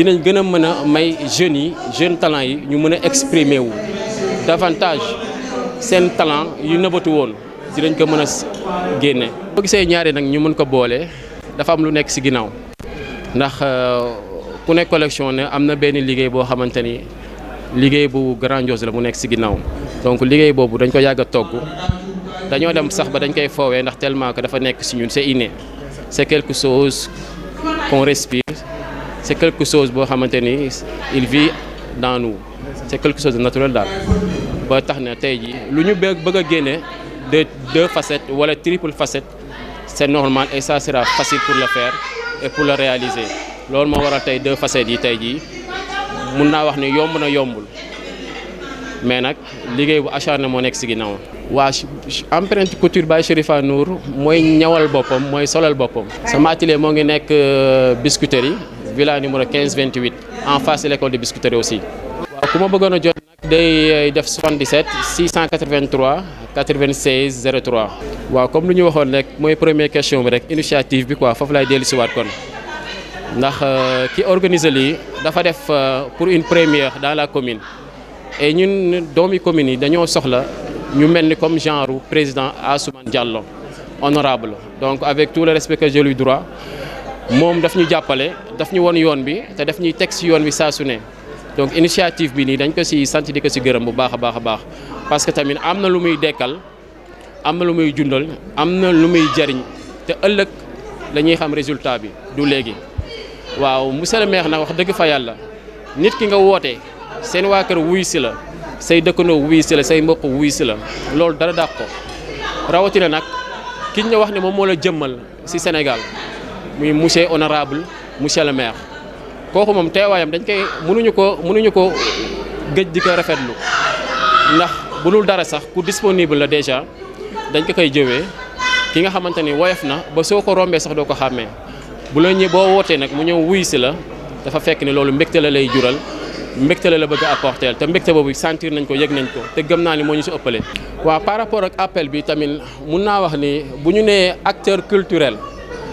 dinañ gëna mëna may jeunes yi jeune talent yi ñu mëna exprimer wu davantage sen talent yu nëbatu won dinañ ko mëna a génne. boo ñaari nak ñu mëna ko bolé dafa am lu nekk ci ginnaaw ndax euh, ku nekk collection né amna bénn benn bo xamanteni xamante bu grandiose la mu nekk ci ginnaaw donc liggéey bobu dañ ko yàgg togg dañoo dem sax ba dañ koy fowé ndax tellement ko dafa nekk ci ñun c'est inné c'est quelque chose qu'on respire c'est quelque chose boo xamante il vit dans nous c'est quelque chose de naturel daal ba tax na tey jii lu ñu de deux facettes wala triple facettes c'est normal et ça sera facile pour le faire et pour le réaliser Normalement moo waral tey deux facettes yi tey jii mun naa wax ni yomb na yombul mais nag liggéey bu acharné moo nekk si ginnaaw waa empreinte couture by Chérifa Nour mooy ñawal boppam mooy solal boppam sama atelier moo ngi nekk euh, biscuiterie villa numéro 15 28 en face de l'école de biscuiterie aussi. Comment vous vous bëggoon 77 683 96 03. comme nous ñu waxoon la première question bi rek initiative bi quoi foofu laay dellu kon ndax euh, ki euh, pour une première dans la commune et dans une commune nous sommes soxla ñu Roux, comme genre président Assoumane Diallo honorable donc avec tout le respect que j'ai lui droit, moom daf ñu jàppale daf ñu won yoon bi te daf ñuy teg si yoon bi saa su ne donc initiative bi nii dañ ko si sant di ko si gërëm bu baax a baax a baax parce que tamit am na lu muy dekkal am na lu muy jundal am na lu muy jariñ te ëllëg la xam résultat bi du léegi waaw monsieur le maire nag wax dëgg fa yàlla nit ki nga woote seen waa kër wuy si la say dëkkandoo wuy si la say mbokk wuy si la loolu dara dàq ko rawatina nag kiñ ñu wax ne moom moo la jëmmal si Sénégal muy monsieur honorable monsieur le maire kooku moom teewaayam dañ koy mënuñu ko mënuñu ko gëj di ko rafetlu ndax bu dul dara sax ku disponible la déjà dañ ko koy jëwee ki nga xamante ni woyof na ba soo ko rombee sax doo ko xàmmee bu la ñë boo wootee nag mu ñëw wuy si la dafa fekk ni loolu mbégte la lay jural mbégte la la bëgg a apporter te mbégte boobu sentir nañ ko yëg nañ ko te gëm naa ni moo ñu si ëppale. waaw par rapport ak appel bi tamit mun naa wax ni bu ñu nee acteur culturel.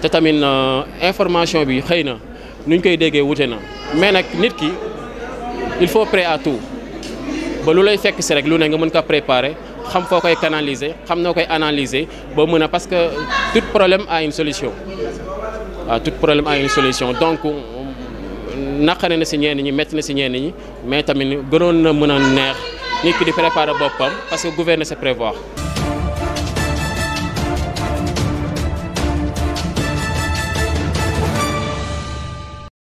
te tamit euh, information bi xëy na nuñ koy déggee wute mais nag nit ki il faut prêt à tout ba lu lay fekk si rek lu ne nga mën ko préparer xam foo koy canaliser xam noo koy analyser ba mën a parce que tout problème a une solution waaw ah, tout problème a une solution donc naqare na si ñenn ñi métti na si ñenn ñi mais tamit gënoon na mën a neex nit ki di préparer boppam parce que gouverner c'est prévoir